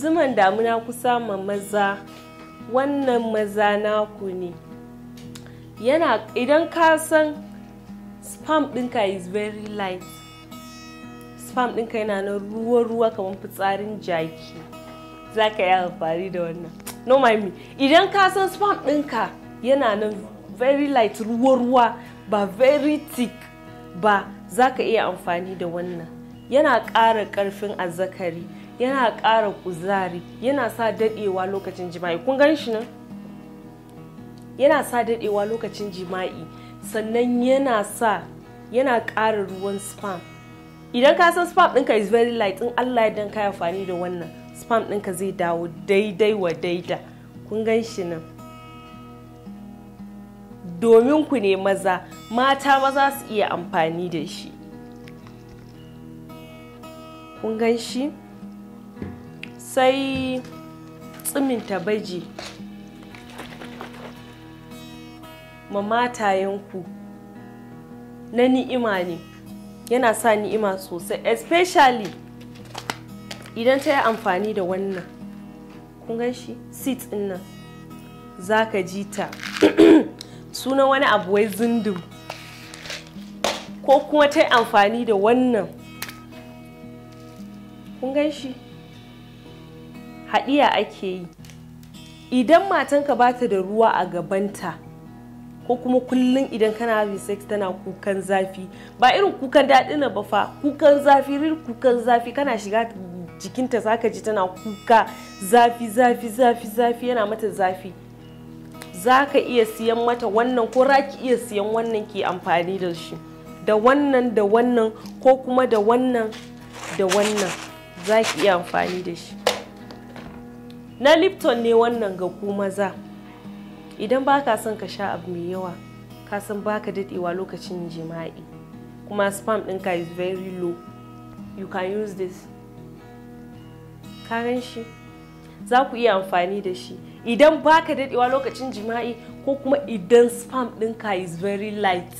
zuman damuna kusa ma maza wannan maza naku ne yana idan ka san spam ɗinka is very light spam ɗinka yana na ruwa-ruwa kamar fitsarin jaki za ka yi amfani da wannan no me idan ka san spam ɗinka yana na very light ruwa-ruwa ba very thick ba za ka iya amfani da wannan yana ƙara ƙarfin azzakari yana ƙara kuzari yana sa daɗewa lokacin jima'i kun gan shi nan yana sa daɗewa lokacin jima'i sannan yana sa yana ƙara ruwan spam idan ka san spam ɗinka is very light in allah ya ka amfani da wannan spam ɗinka zai dawo daidai wa daida kun gan shi nan domin ku ne maza mata maza su iya amfani da shi kun gan shi sai tsiminta baji ma matayenku na ni'ima ne yana sa ni'ima sosai especially idan ta yi amfani da wannan kun gan shi seat din nan za ka ji ta sunan wani abu wai zindin ko kuma ta yi amfani da wannan kun gan shi haɗiya ake yi idan matanka ba ta da ruwa a gabanta ko kuma kullum idan kana having sex tana kukan zafi ba irin kukan daɗi na ba fa kukan zafi rir kukan zafi kana shiga jikinta zaka ji tana kuka zafi zafi zafi zafi yana mata zafi za ka iya siyan mata wannan ko raki iya siyan wannan ke amfani da shi da wannan da wannan ko kuma da wannan da wannan za ki iya amfani da shi na lipton ne wannan ga ku maza idan ba ka son ka sha abu mai yawa ka san ba ka daɗewa lokacin jima'i kuma spam ɗinka is very low you can use this karen shi za ku iya amfani da shi idan ba ka daɗewa lokacin jima'i ko kuma idan spam ɗinka is very light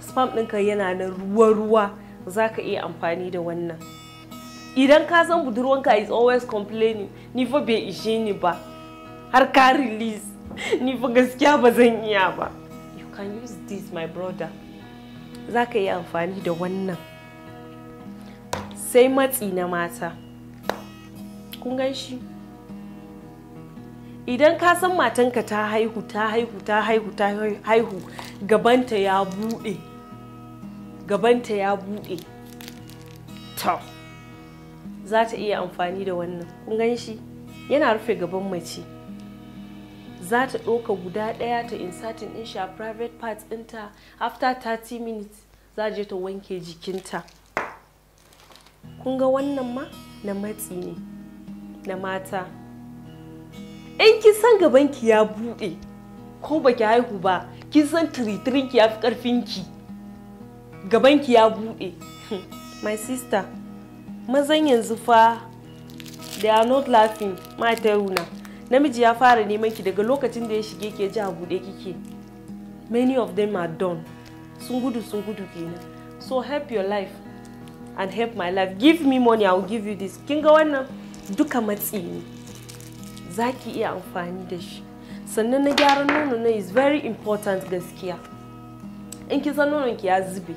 spam ɗinka yana na ruwa-ruwa za ka iya amfani da wannan idan ka san budurwanka is always complaining ni fa bai ishe ni ba har ka release ni fa gaskiya ba zan iya ba you can use this my brother za ka yi amfani da wannan sai matsi na mata kun gan shi idan ka san matanka ta haihu ta haihu ta haihu ta haihu gabanta ya buɗe gabanta ya buɗe ta. za ta iya amfani da wannan kun gan shi yana rufe gaban mace za ta ɗauka guda ɗaya ta insatin ɗin sha a private part ɗinta after 30 minutes za je ta wanke jikinta kun ga wannan ma na matsi ne na mata in kin san gabanki ya buɗe ko baki haihu ba kin san tiritirinki ya fi ƙarfinki gabanki ya buɗe hmm, my sister mazan yanzu fa they are not laughing ma ta namiji ya fara neman ki daga lokacin da ya shige ke ji a buɗe kike many of them are done sun gudu sun gudu kenan so help your life and help my life give me money i will give you this kin ga wannan duka matsi ne za ki iya amfani da shi sannan na gyaran nono na is very important gaskiya in ki san nonon ki ya zube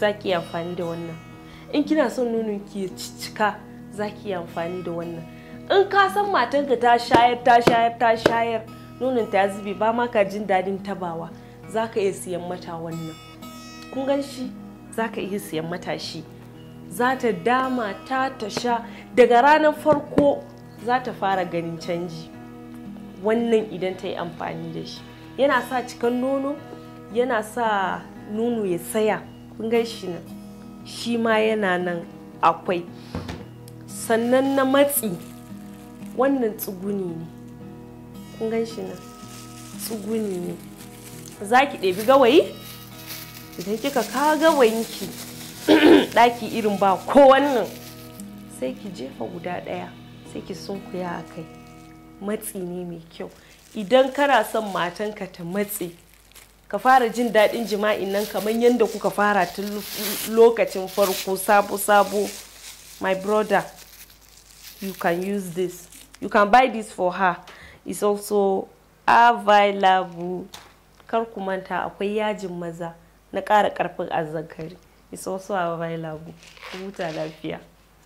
za ki iya amfani da wannan in kina son nonon ki ya cika za ki yi amfani da wannan in ka san matanka ta shayar ta shayar ta shayar nonon ta zube ba ma ka jin dadin tabawa za ka iya siyan mata wannan kun gan shi za ka iya siyan mata shi za ta dama ta ta sha daga ranar farko za ta fara ganin canji wannan idan ta yi amfani da shi yana sa cikan nono yana sa nono ya saya kun gan shi nan shi ma yana nan akwai sannan na matsi wannan tsuguni ne kun gan shi nan tsuguni ne za ki ɗabi gawayi idan kika ka gawayinki ɗaki irin ba ko wannan sai ki jefa guda ɗaya sai ki sunkuya a kai matsi ne mai kyau idan kana son matanka ta matse ka fara jin daɗin jima'in nan kamar yadda kuka fara tun lokacin farko sabo-sabo my brother you can use this you can buy this for her it's also available kar ku manta akwai yajin maza na ƙara ƙarfin azzakari it's also available huta lafiya